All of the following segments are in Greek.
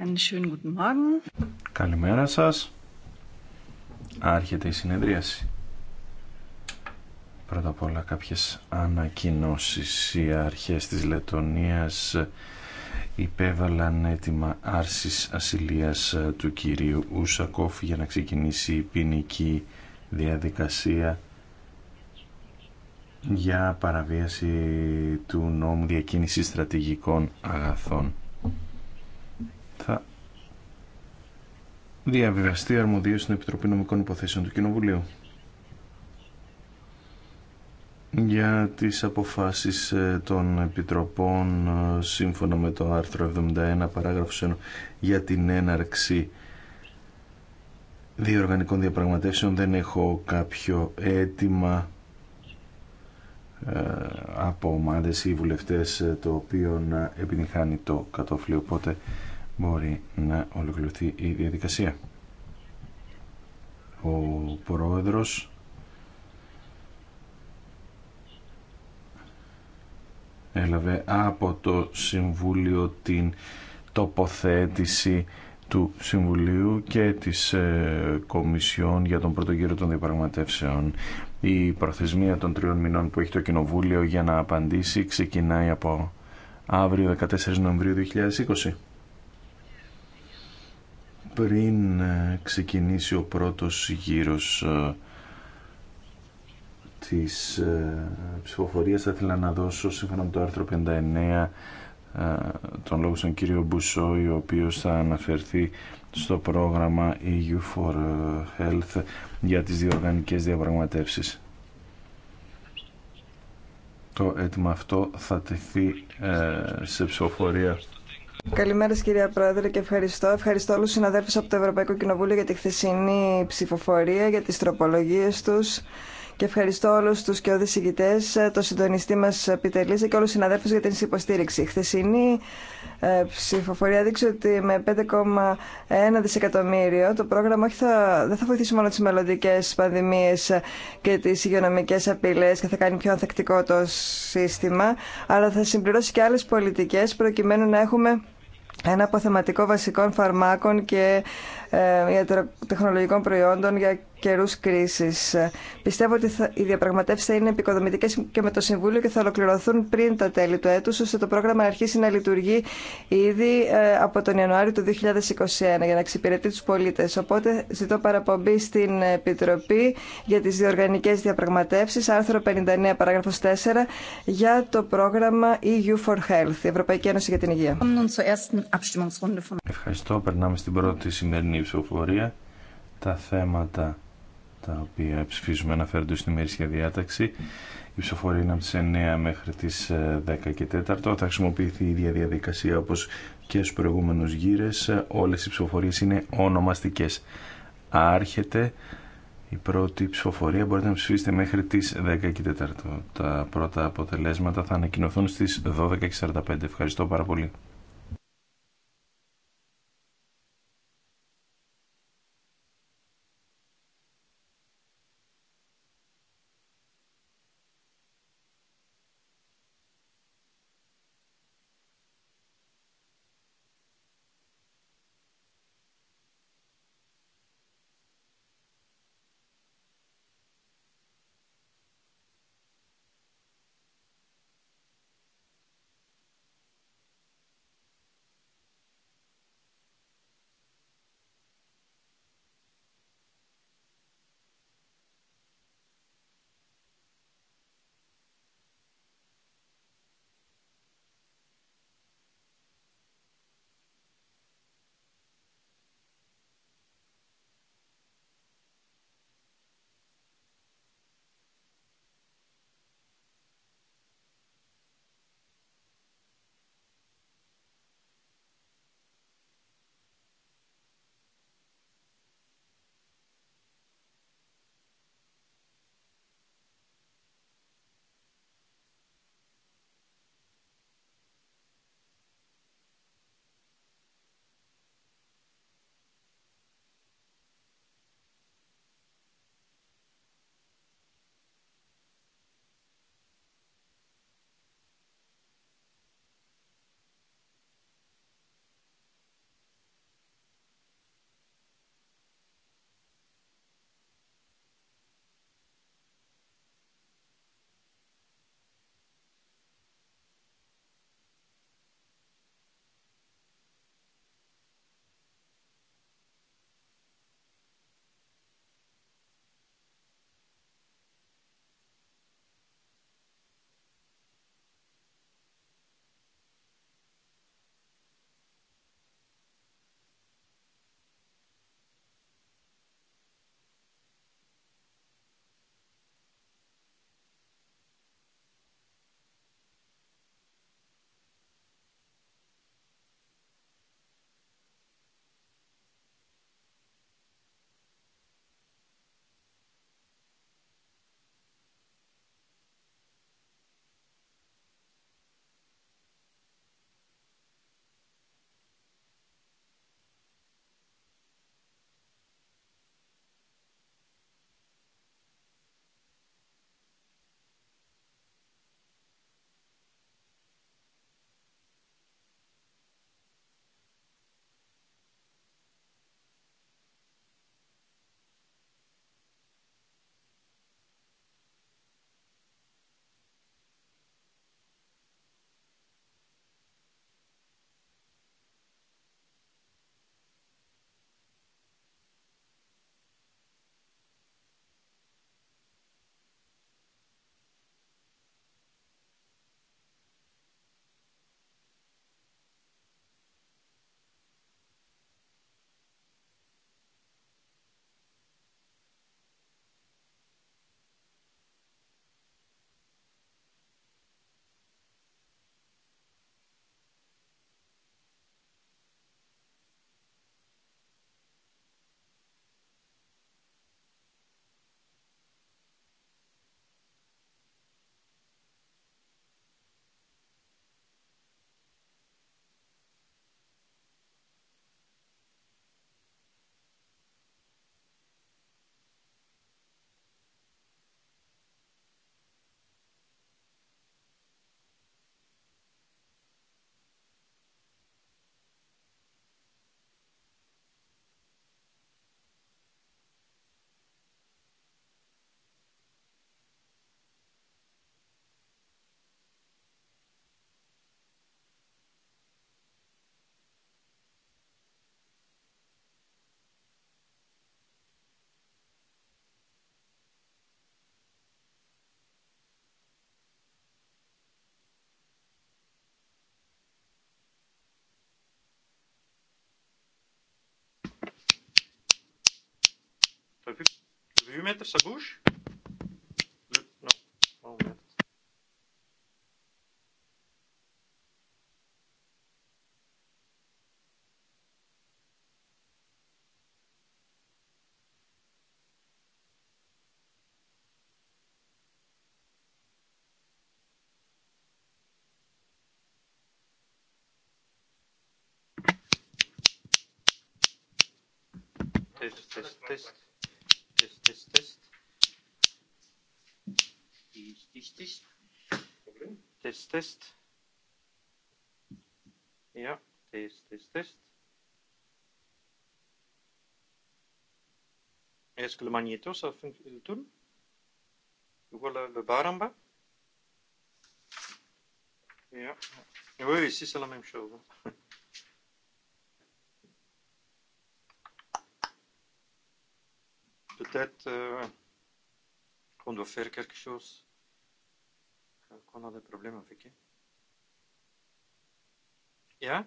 Einen schönen guten Καλημέρα σας. Άρχεται η συνεδρίαση. Πρώτα απ' όλα κάποιες ανακοινώσεις. Οι αρχές της Λετωνίας υπέβαλαν έτοιμα άρσης ασυλίας του κυρίου Ουσακόφ για να ξεκινήσει η ποινική διαδικασία για παραβίαση του νόμου διακίνησης στρατηγικών αγαθών. Θα διαβιβαστεί αρμοδίως στην Επιτροπή Νομικών Υποθέσεων του Κοινοβουλίου για τις αποφάσεις ε, των επιτροπών ε, σύμφωνα με το άρθρο 71 παράγραφος 1 για την έναρξη διοργανικών διαπραγματεύσεων δεν έχω κάποιο αίτημα ε, από ομάδες ή βουλευτές ε, το οποίο να ε, επιτυχάνει το κατόφλι. Οπότε μπορεί να ολοκληρωθεί η διαδικασία. Ο πρόεδρος έλαβε από το Συμβούλιο την τοποθέτηση του Συμβουλίου και της ε, Κομισιόν για τον πρώτο γύρο των διαπραγματεύσεων η προθεσμία των τριών μηνών που έχει το Κοινοβούλιο για να απαντήσει ξεκινάει από αύριο 14 Νοεμβρίου 2020. Πριν ε, ξεκινήσει ο πρώτος γύρος ε, της ε, ψηφοφορίας θα ήθελα να δώσω σύμφωνα με το άρθρο 59 τον λόγο στον κύριο Μπουσόη ο οποίος θα αναφερθεί στο πρόγραμμα EU for Health για τις διοργανικές διαπραγματεύσεις. Το έτοιμο αυτό θα τεθεί ε, σε ψηφοφορία. Καλημέρα κυρία Πρόεδρε και ευχαριστώ. Ευχαριστώ όλους τους συναδέλφους από το Ευρωπαϊκό Κοινοβούλιο για τη χθεσινή ψηφοφορία, για τις τροπολογίες τους και ευχαριστώ όλου του και ηγητές, ε, τον συντονιστή μας ε, Πιτελίζα και όλου του συναδέλφους για την υποστήριξη. Η χθεσινή ε, ψηφοφορία δείξε ότι με 5,1 δισεκατομμύριο το πρόγραμμα όχι θα, δεν θα βοηθήσει μόνο τι μελλοντικέ πανδημίε και τι υγειονομικέ απειλέ, και θα κάνει πιο ανθεκτικό το σύστημα, αλλά θα συμπληρώσει και άλλε πολιτικέ προκειμένου να έχουμε ένα αποθεματικό βασικών φαρμάκων και ε, ιατροτεχνολογικών προϊόντων για καιρού κρίση. Ε, πιστεύω ότι θα, οι διαπραγματεύσει θα είναι επικοδομητικέ και με το Συμβούλιο και θα ολοκληρωθούν πριν τα τέλη του έτου, ώστε το πρόγραμμα να αρχίσει να λειτουργεί ήδη ε, από τον Ιανουάριο του 2021 για να εξυπηρετεί του πολίτε. Οπότε ζητώ παραπομπή στην Επιτροπή για τι διοργανικέ διαπραγματεύσει, άρθρο 59 παράγραφος 4, για το πρόγραμμα EU for Health, Ευρωπαϊκή Ένωση για την Υγεία. Ευχαριστώ. Περνάμε στην πρώτη σημερινή η ψηφοφορία. Τα θέματα τα οποία ψηφίζουμε αναφέρονται στην ημερήσια διάταξη. Η ψηφοφορία είναι από τι 9 μέχρι τι 10 ε, και 4. Θα χρησιμοποιηθεί η ίδια διαδικασία όπω και στου προηγούμενους γύρε. Όλε οι ψηφοφορίε είναι ονομαστικέ. Άρχεται η πρώτη ψηφοφορία. Μπορείτε να ψηφίσετε μέχρι τι 10 και 4. Τα πρώτα αποτελέσματα θα ανακοινωθούν στις 45. Ευχαριστώ πάρα πολύ. plus. Je vais lui mettre sa bouche. Test, test, test. Test, Test, Test. Test, Test, Test. Test, Test. Ja, Test, Test, Test. Est-ce que le magnéto, ça tourne Voilà le bar en bas. Ja. Oui, ici c'est la même chose. Peut-être qu'on doit faire quelque chose, qu'on a des problèmes avec. Yeah?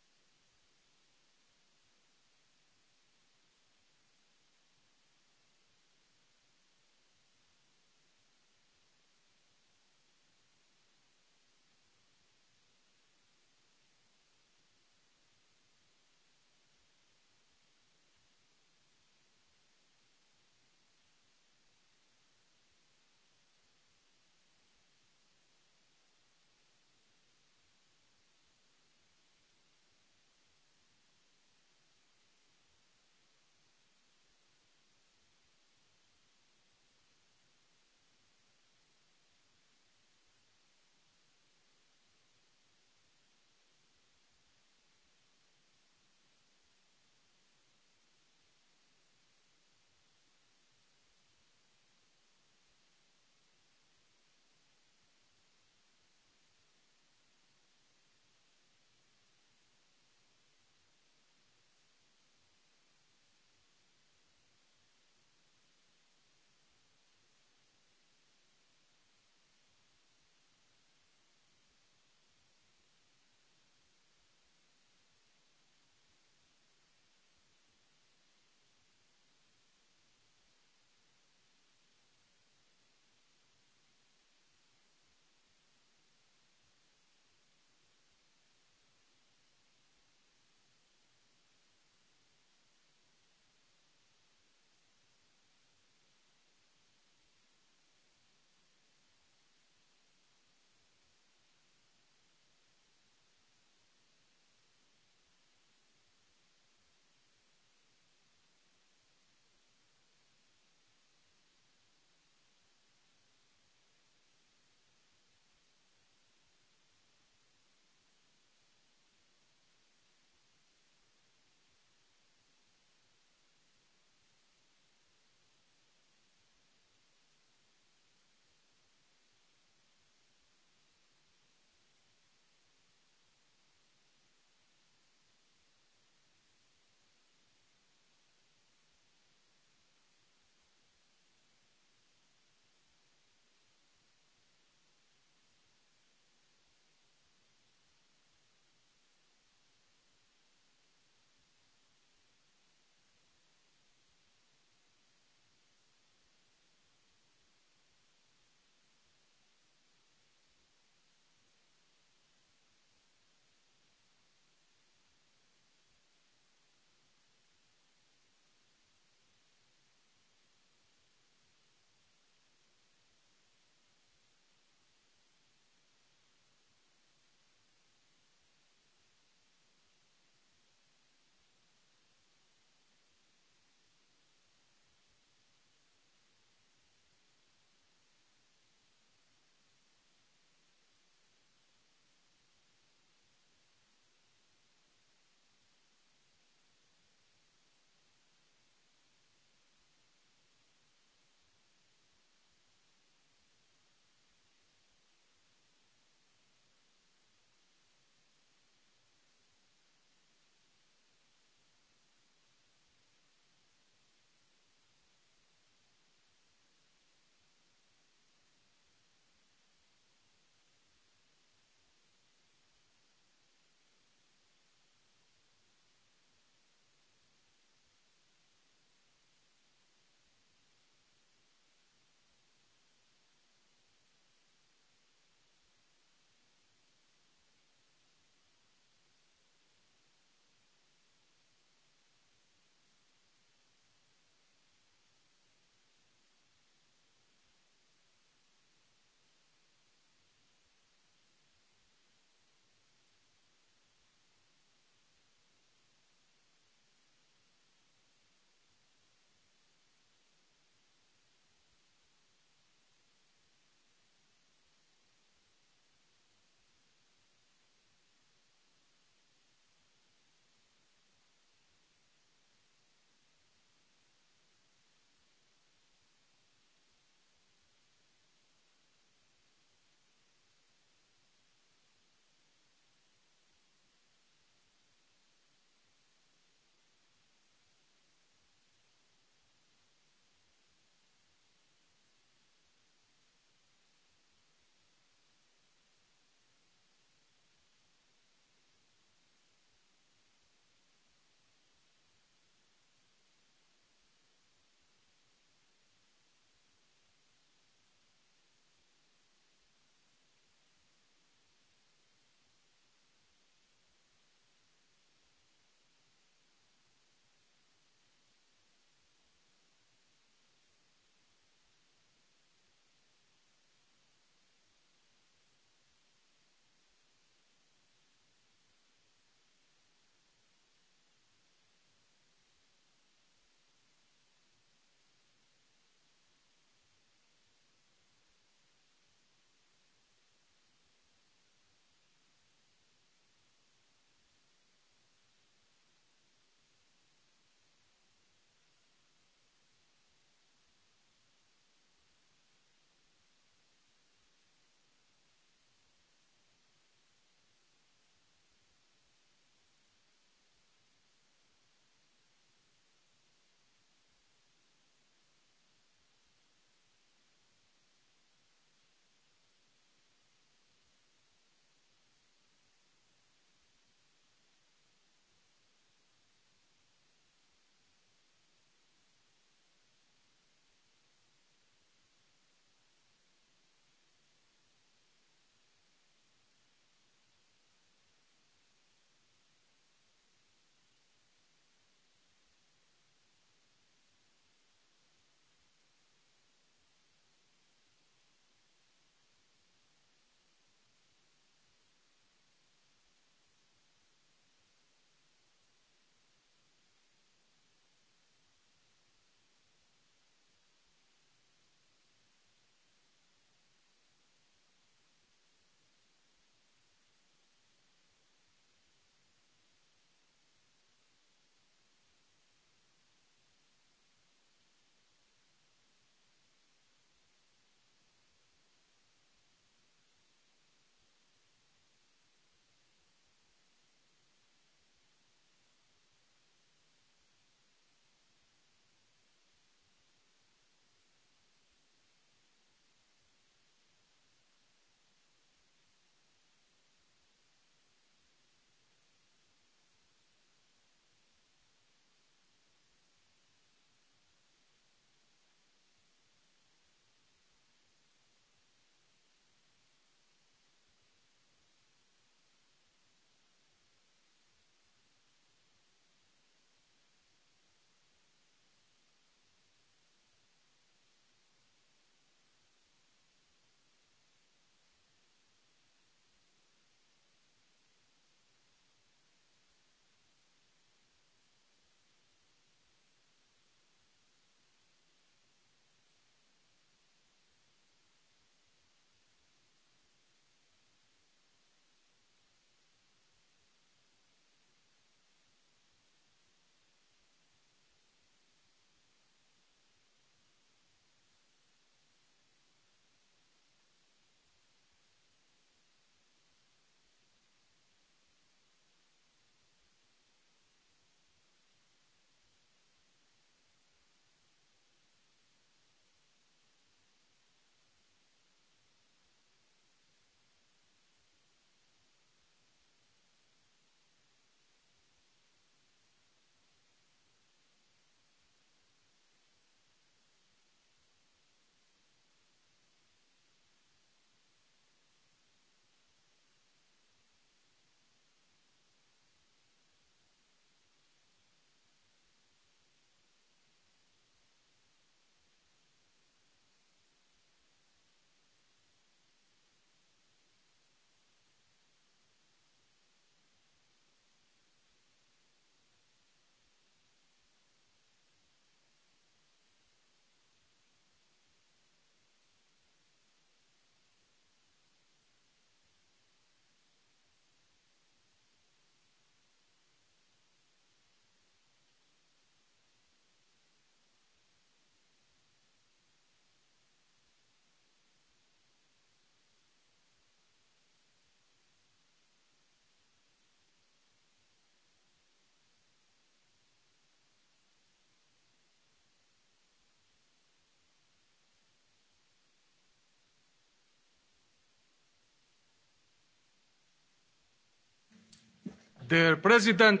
der Präsident.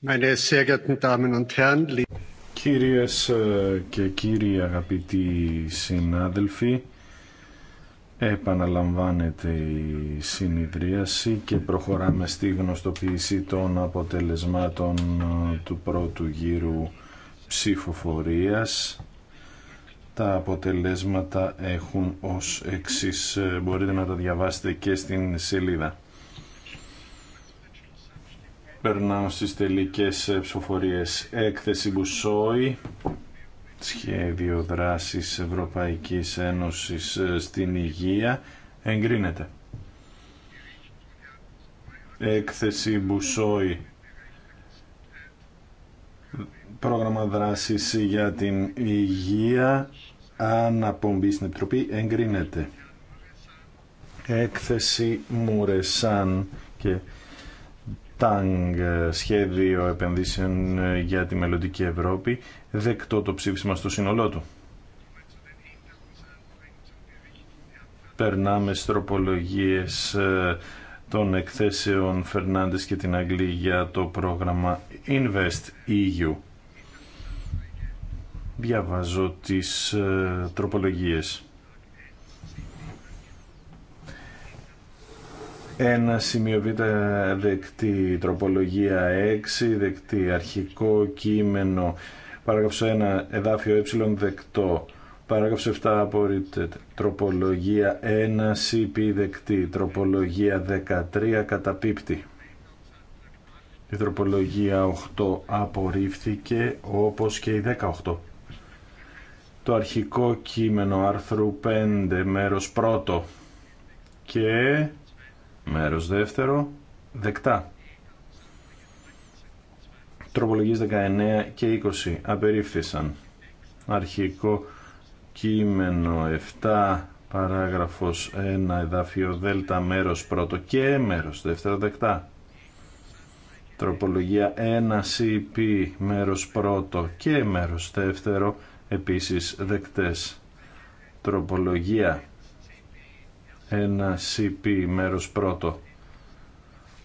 meine sehr geehrten damen und herren! κυρίες και κύριοι αγαπητοί συνάδελφοι Επαναλαμβάνεται η συνειδρίαση και προχωράμε στη γνωστοποίηση των αποτελεσμάτων ε, του πρώτου γύρου ψηφοφορίας. Τα αποτελέσματα έχουν ως εξής. Ε, μπορείτε να τα διαβάσετε και στην σελίδα. Περνάω στις τελικές ε, ψηφοφορίες. Έκθεση Μπουσόη σχέδιο δράσης Ευρωπαϊκής Ένωσης ε, στην υγεία εγκρίνεται. Έκθεση Μπουσόη Πρόγραμμα δράσης για την υγεία αναπομπή στην Επιτροπή εγκρίνεται. Έκθεση Μουρεσάν και ΤΑΝΓ Σχέδιο Επενδύσεων ε, για τη Μελλοντική Ευρώπη δεκτό το ψήφισμα στο σύνολό του. Περνάμε στροπολογίες ε, των εκθέσεων Φερνάντες και την Αγγλία... για το πρόγραμμα Invest EU. Διαβάζω τις ε, τροπολογίες. Ένα σημείο β, δεκτή τροπολογία 6, δεκτή αρχικό κείμενο Παράγραφος 1 εδάφιο ε δεκτό. Παράγραφος 7 απορρίπτεται. Τροπολογία 1 CP δεκτή. Τροπολογία 13 καταπίπτει. Η τροπολογία 8 απορρίφθηκε όπως και η 18. Το αρχικό κείμενο άρθρου 5 μέρος πρώτο και μέρος δεύτερο δεκτά. Τροπολογίες 19 και 20 απερίφθησαν. Αρχικό κείμενο 7 παράγραφος 1 εδάφιο δέλτα μέρος πρώτο και μέρος δεύτερο δεκτά. Τροπολογία 1 CP μέρος πρώτο και μέρος δεύτερο επίσης δεκτές. Τροπολογία 1 CP μέρος πρώτο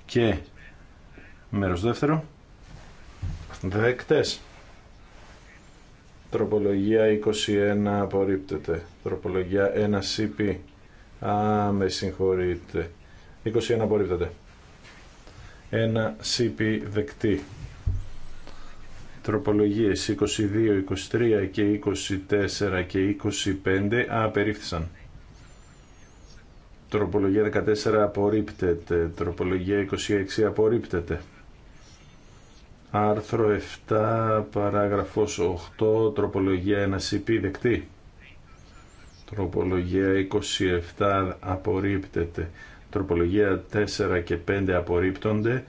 και μέρος δεύτερο Δεκτές. Τροπολογία 21 απορρίπτεται. Τροπολογία 1 CP. Α, με συγχωρείτε. 21 απορρίπτεται. 1 CP δεκτή. Τροπολογίες 22, 23 και 24 και 25 απερίφθησαν. Τροπολογία 14 απορρίπτεται. Τροπολογία 26 απορρίπτεται. Άρθρο 7, παράγραφος 8, τροπολογία 1 CP δεκτή. Τροπολογία 27 απορρίπτεται. Τροπολογία 4 και 5 απορρίπτονται.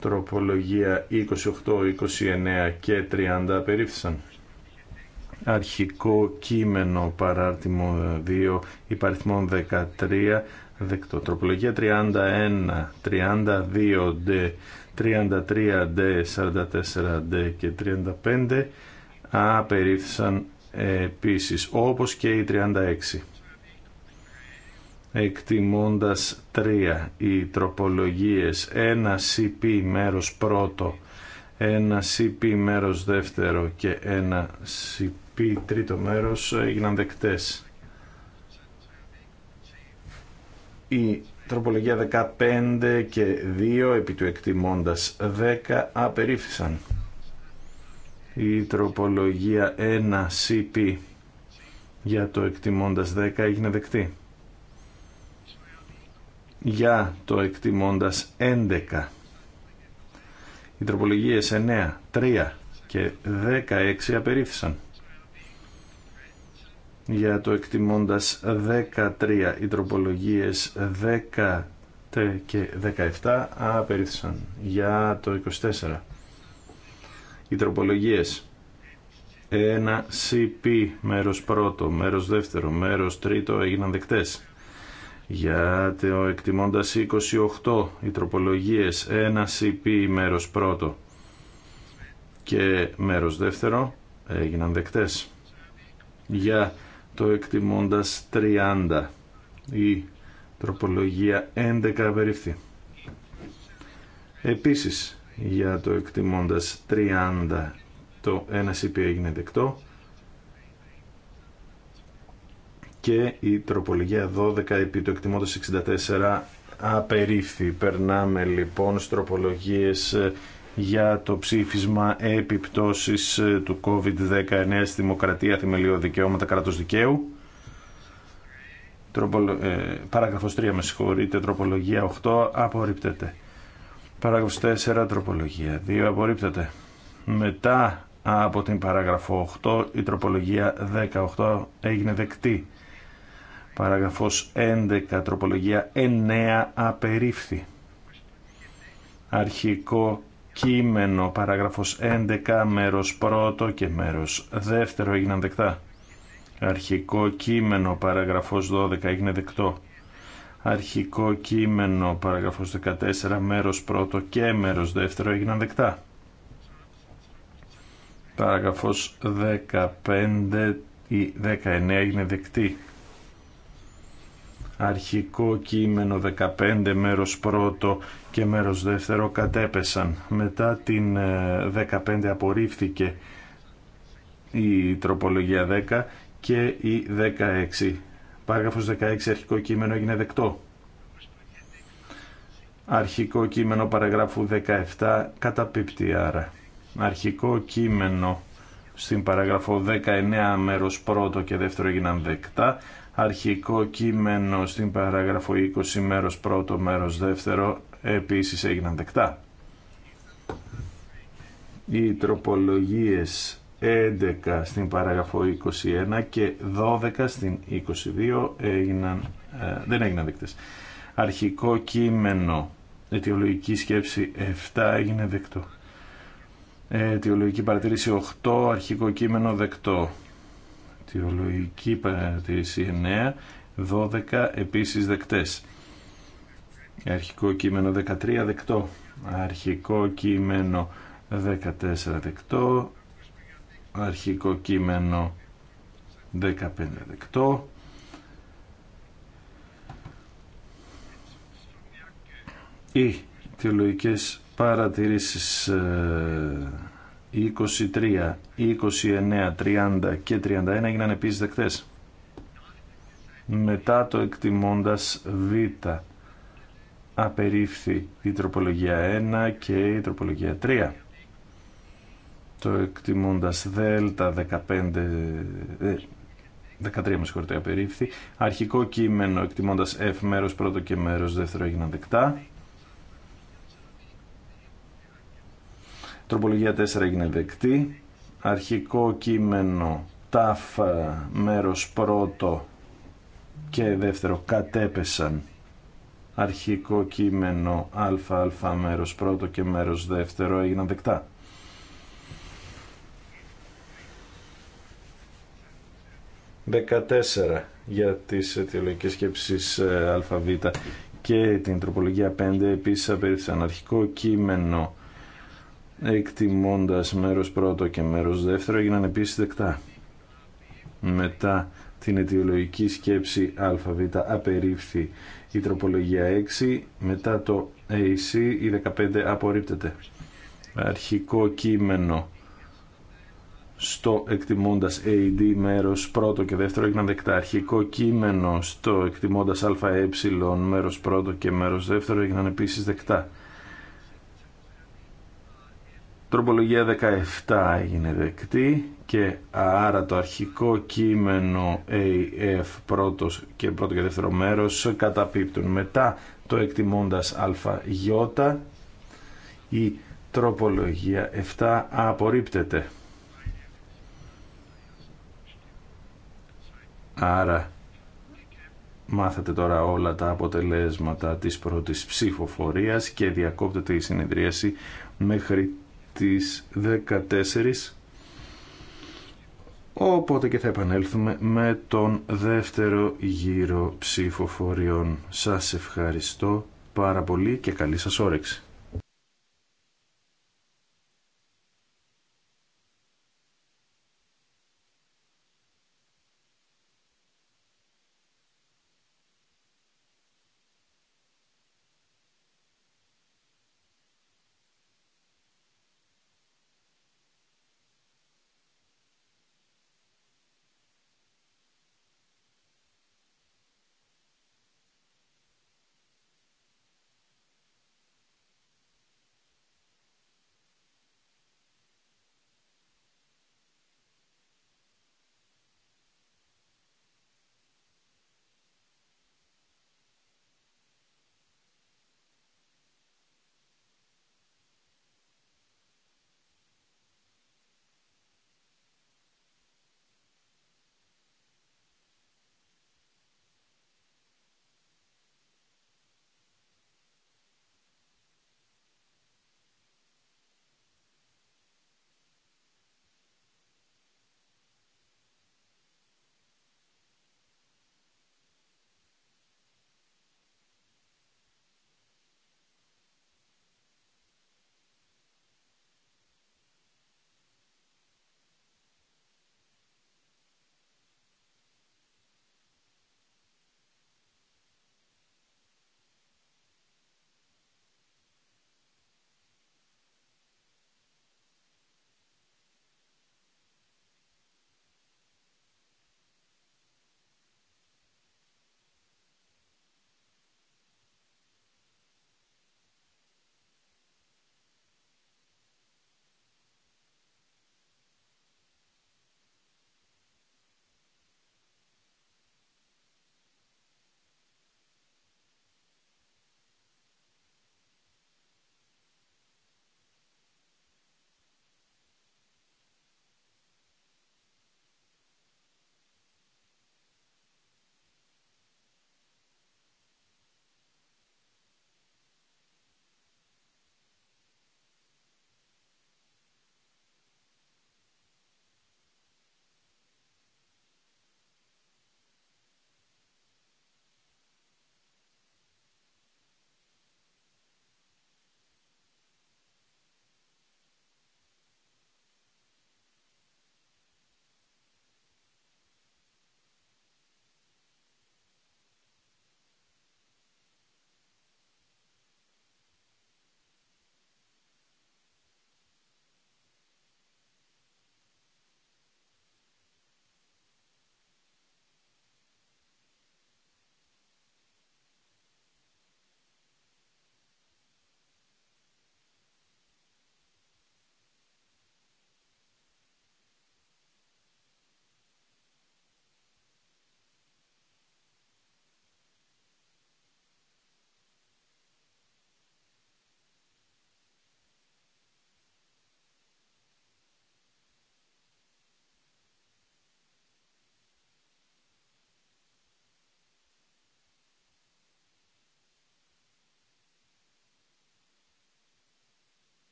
Τροπολογία 28, 29 και 30 απερίφθησαν. Αρχικό κείμενο παράρτημο 2 υπαριθμών 13 δεκτό. Τροπολογία 31, 32 δε. 33D, 44D και 35 απερίφθησαν επίσης, όπως και οι 36. Εκτιμώντας 3 οι τροπολογίες 1 CP μέρος πρώτο, 1 CP μέρος δεύτερο και 1 CP τρίτο μέρος έγιναν δεκτές. οι Τροπολογία 15 και 2 επί του εκτιμώντας 10 απερίφθησαν. Η τροπολογία 1 CP για το εκτιμώντας 10 έγινε δεκτή. Για το εκτιμώντας 11. Οι τροπολογίες 9, 3 και 16 απερίφθησαν για το εκτιμώντας 13 οι τροπολογίες 10 και 17 απερίφθησαν για το 24 οι τροπολογίες 1 CP μέρος πρώτο, μέρος δεύτερο, μέρος τρίτο έγιναν δεκτές για το εκτιμώντας 28 οι τροπολογίες 1 CP μέρος πρώτο και μέρος δεύτερο έγιναν δεκτές για το εκτιμώντας 30. Η τροπολογία 11 απερίφθη. Επίσης, για το εκτιμώντας 30 το 1 CP έγινε δεκτό και η τροπολογία 12 επί το εκτιμώντας 64 απερίφθη. Περνάμε λοιπόν στροπολογίες τροπολογίες για το ψήφισμα επιπτώσεις ε, του COVID-19 στη δημοκρατία, θεμελιώδη δικαιώματα, κράτος δικαίου. Τροπολο... Ε, παράγραφος 3, με συγχωρείτε, τροπολογία 8, απορρίπτεται. Παράγραφος 4, τροπολογία 2, απορρίπτεται. Μετά από την παράγραφο 8, η τροπολογία 18 έγινε δεκτή. Παράγραφος 11, τροπολογία 9, απερίφθη. Αρχικό κείμενο, παράγραφος 11, μέρος 1 και μέρος 2 έγιναν δεκτά. Αρχικό κείμενο, παράγραφος 12, έγινε δεκτό. Αρχικό κείμενο, παράγραφος 14, μέρος 1 και μέρος 2 έγιναν δεκτά. Παράγραφος 15 ή 19 έγινε δεκτή. Αρχικό κείμενο 15 μέρος πρώτο και μέρος δεύτερο κατέπεσαν. Μετά την 15 ε, απορρίφθηκε η τροπολογία 10 και η 16. Παράγραφος 16 αρχικό κείμενο έγινε δεκτό. Αρχικό κείμενο παραγράφου 17 καταπίπτει άρα. Αρχικό κείμενο στην παράγραφο 19 μέρος πρώτο και δεύτερο έγιναν δεκτά. Αρχικό κείμενο στην παράγραφο 20 μέρος πρώτο μέρος δεύτερο επίσης έγιναν δεκτά. Οι τροπολογίες 11 στην παράγραφο 21 και 12 στην 22 έγιναν, ε, δεν έγιναν δεκτές. Αρχικό κείμενο, αιτιολογική σκέψη 7 έγινε δεκτό. Ε, αιτιολογική παρατήρηση 8, αρχικό κείμενο δεκτό. Αιτιολογική παρατήρηση 9, 12 επίσης δεκτές. Αρχικό κείμενο 13 δεκτό. Αρχικό κείμενο 14 δεκτό. Αρχικό κείμενο 15 δεκτό. Ή θεολογικές παρατηρήσεις 23, 29, 30 και 31 έγιναν επίσης δεκτές. Μετά το εκτιμώντας β απερίφθη η τροπολογία 1 και η τροπολογία 3. Το εκτιμώντας δέλτα 15, 13 ε, με συγχωρείτε απερίφθη. Αρχικό κείμενο εκτιμώντας F μέρος πρώτο και μέρος δεύτερο έγιναν δεκτά. Τροπολογία 4 έγινε δεκτή. Αρχικό κείμενο τάφ ε, μέρος πρώτο και δεύτερο κατέπεσαν αρχικό κείμενο ΑΑ μέρος πρώτο και μέρος δεύτερο έγιναν δεκτά. Δεκατέσσερα για τις αιτιολογικές σκέψεις ε, ΑΒ και την τροπολογία 5 επίσης απέριψαν αρχικό κείμενο εκτιμώντας μέρος πρώτο και μέρος δεύτερο έγιναν επίσης δεκτά. Μετά την αιτιολογική σκέψη ΑΒ απερίφθη η τροπολογία 6, μετά το AC η 15 απορρίπτεται. Αρχικό κείμενο στο εκτιμώντας AD μέρος πρώτο και δεύτερο έγιναν δεκτά. Αρχικό κείμενο στο εκτιμώντας ΑΕ μέρος πρώτο και μέρος δεύτερο έγιναν επίσης δεκτά. Τροπολογία 17 έγινε δεκτή και άρα το αρχικό κείμενο AF πρώτος και πρώτο και δεύτερο μέρος καταπίπτουν. Μετά το εκτιμώντας ΑΙ η τροπολογία 7 απορρίπτεται. Άρα μάθατε τώρα όλα τα αποτελέσματα της πρώτης ψηφοφορίας και διακόπτεται η συνεδρίαση μέχρι τις 14 Οπότε και θα επανέλθουμε με τον δεύτερο γύρο ψηφοφοριών. Σας ευχαριστώ πάρα πολύ και καλή σας όρεξη.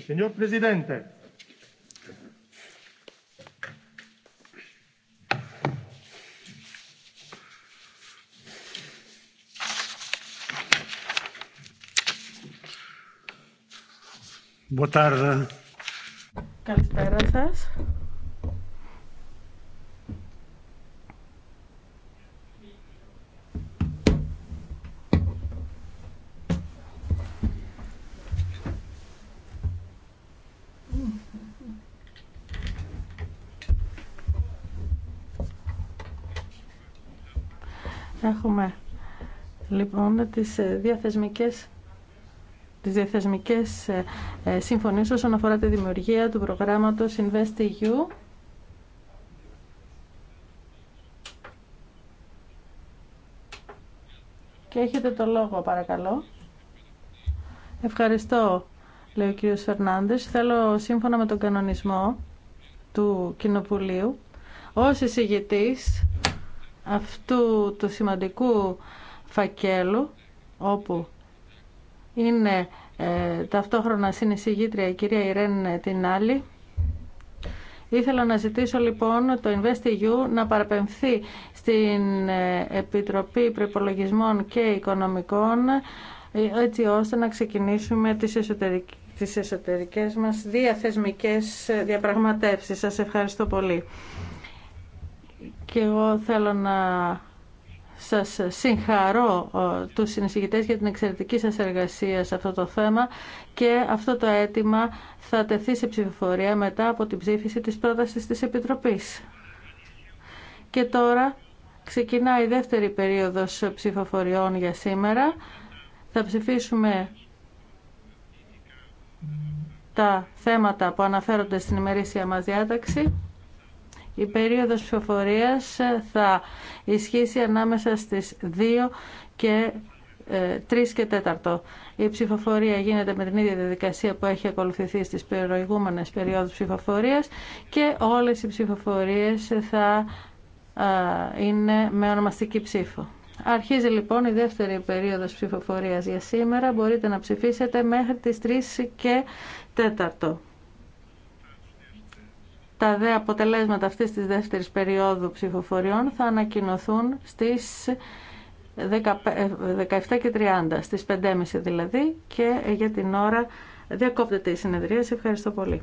Señor Presidente. Boa tarde. Καλησπέρα σας. λοιπόν τις ε, διαθεσμικές τις διαθεσμικές ε, ε, συμφωνίες όσον αφορά τη δημιουργία του προγράμματος InvestEU και έχετε το λόγο παρακαλώ. Ευχαριστώ, λέει ο κύριος Φερνάντες. Θέλω σύμφωνα με τον κανονισμό του Κοινοβουλίου ως εισηγητής αυτού του σημαντικού φακέλου όπου είναι ε, ταυτόχρονα συνεισηγήτρια η κυρία Ιρέν ε, την άλλη. Ήθελα να ζητήσω λοιπόν το InvestEU να παραπεμφθεί στην ε, Επιτροπή Προπολογισμών και Οικονομικών ε, έτσι ώστε να ξεκινήσουμε τις εσωτερικές τις εσωτερικές μας διαθεσμικές διαπραγματεύσεις. Σας ευχαριστώ πολύ. Και εγώ θέλω να σας συγχαρώ ε, τους συνεισηγητές για την εξαιρετική σας εργασία σε αυτό το θέμα και αυτό το αίτημα θα τεθεί σε ψηφοφορία μετά από την ψήφιση της πρότασης της Επιτροπής. Και τώρα ξεκινάει η δεύτερη περίοδος ψηφοφοριών για σήμερα. Θα ψηφίσουμε τα θέματα που αναφέρονται στην ημερήσια μας διάταξη. Η περίοδος ψηφοφορίας ε, θα ισχύσει ανάμεσα στις 2 και 3 ε, και 4. Η ψηφοφορία γίνεται με την ίδια διαδικασία που έχει ακολουθηθεί στις προηγούμενες περιόδους ψηφοφορίας και όλες οι ψηφοφορίες θα είναι με ονομαστική ψήφο. Αρχίζει λοιπόν η δεύτερη περίοδος ψηφοφορίας για σήμερα. Μπορείτε να ψηφίσετε μέχρι τις 3 και 4. Τα δε αποτελέσματα αυτής της δεύτερης περίοδου ψηφοφοριών θα ανακοινωθούν στις 17 ε, και 30, στις 5.30 δηλαδή και για την ώρα διακόπτεται η συνεδρία. Σε ευχαριστώ πολύ.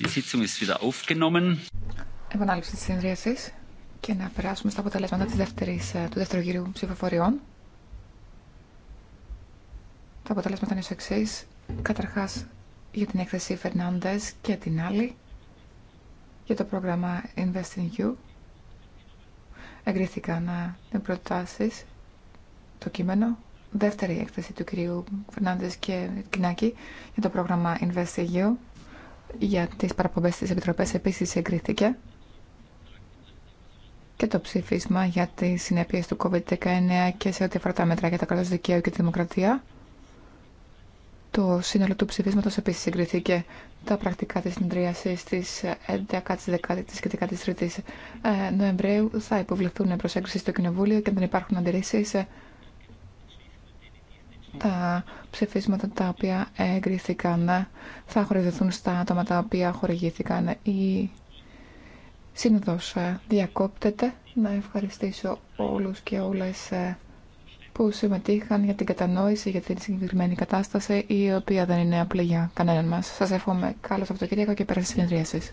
Die Sitzung ist wieder aufgenommen. Επανάληψη τη συνδρίαση και να περάσουμε στα αποτελέσματα της δεύτερης, ε, του δεύτερου γύρου ψηφοφοριών. Τα αποτελέσματα είναι ω εξή. Καταρχά για την έκθεση Φερνάντες και την άλλη για το πρόγραμμα Invest in You. Εγκρίθηκαν την ε, προτάσει το κείμενο δεύτερη έκθεση του κυρίου Φερνάντε και Κινάκη για το πρόγραμμα InvestEU για τις παραπομπέ της Επιτροπές επίση εγκρίθηκε και το ψήφισμα για τι συνέπειε του COVID-19 και σε ό,τι αφορά τα μέτρα για τα κράτος δικαίου και τη δημοκρατία. Το σύνολο του ψηφίσματος επίση συγκριθήκε τα πρακτικά της συνεδρίασης της 11ης, 10 και 13ης ε, Νοεμβρίου θα υποβληθούν προς έγκριση στο Κοινοβούλιο και αν δεν υπάρχουν αντιρρήσει τα ψηφίσματα τα οποία εγκρίθηκαν θα χορηγηθούν στα άτομα τα οποία χορηγήθηκαν. Η σύνοδος διακόπτεται. Να ευχαριστήσω όλους και όλες που συμμετείχαν για την κατανόηση για την συγκεκριμένη κατάσταση η οποία δεν είναι απλή για κανέναν μας. Σας εύχομαι το Σαββατοκύριακο και πέρα στις συνεδρίασεις.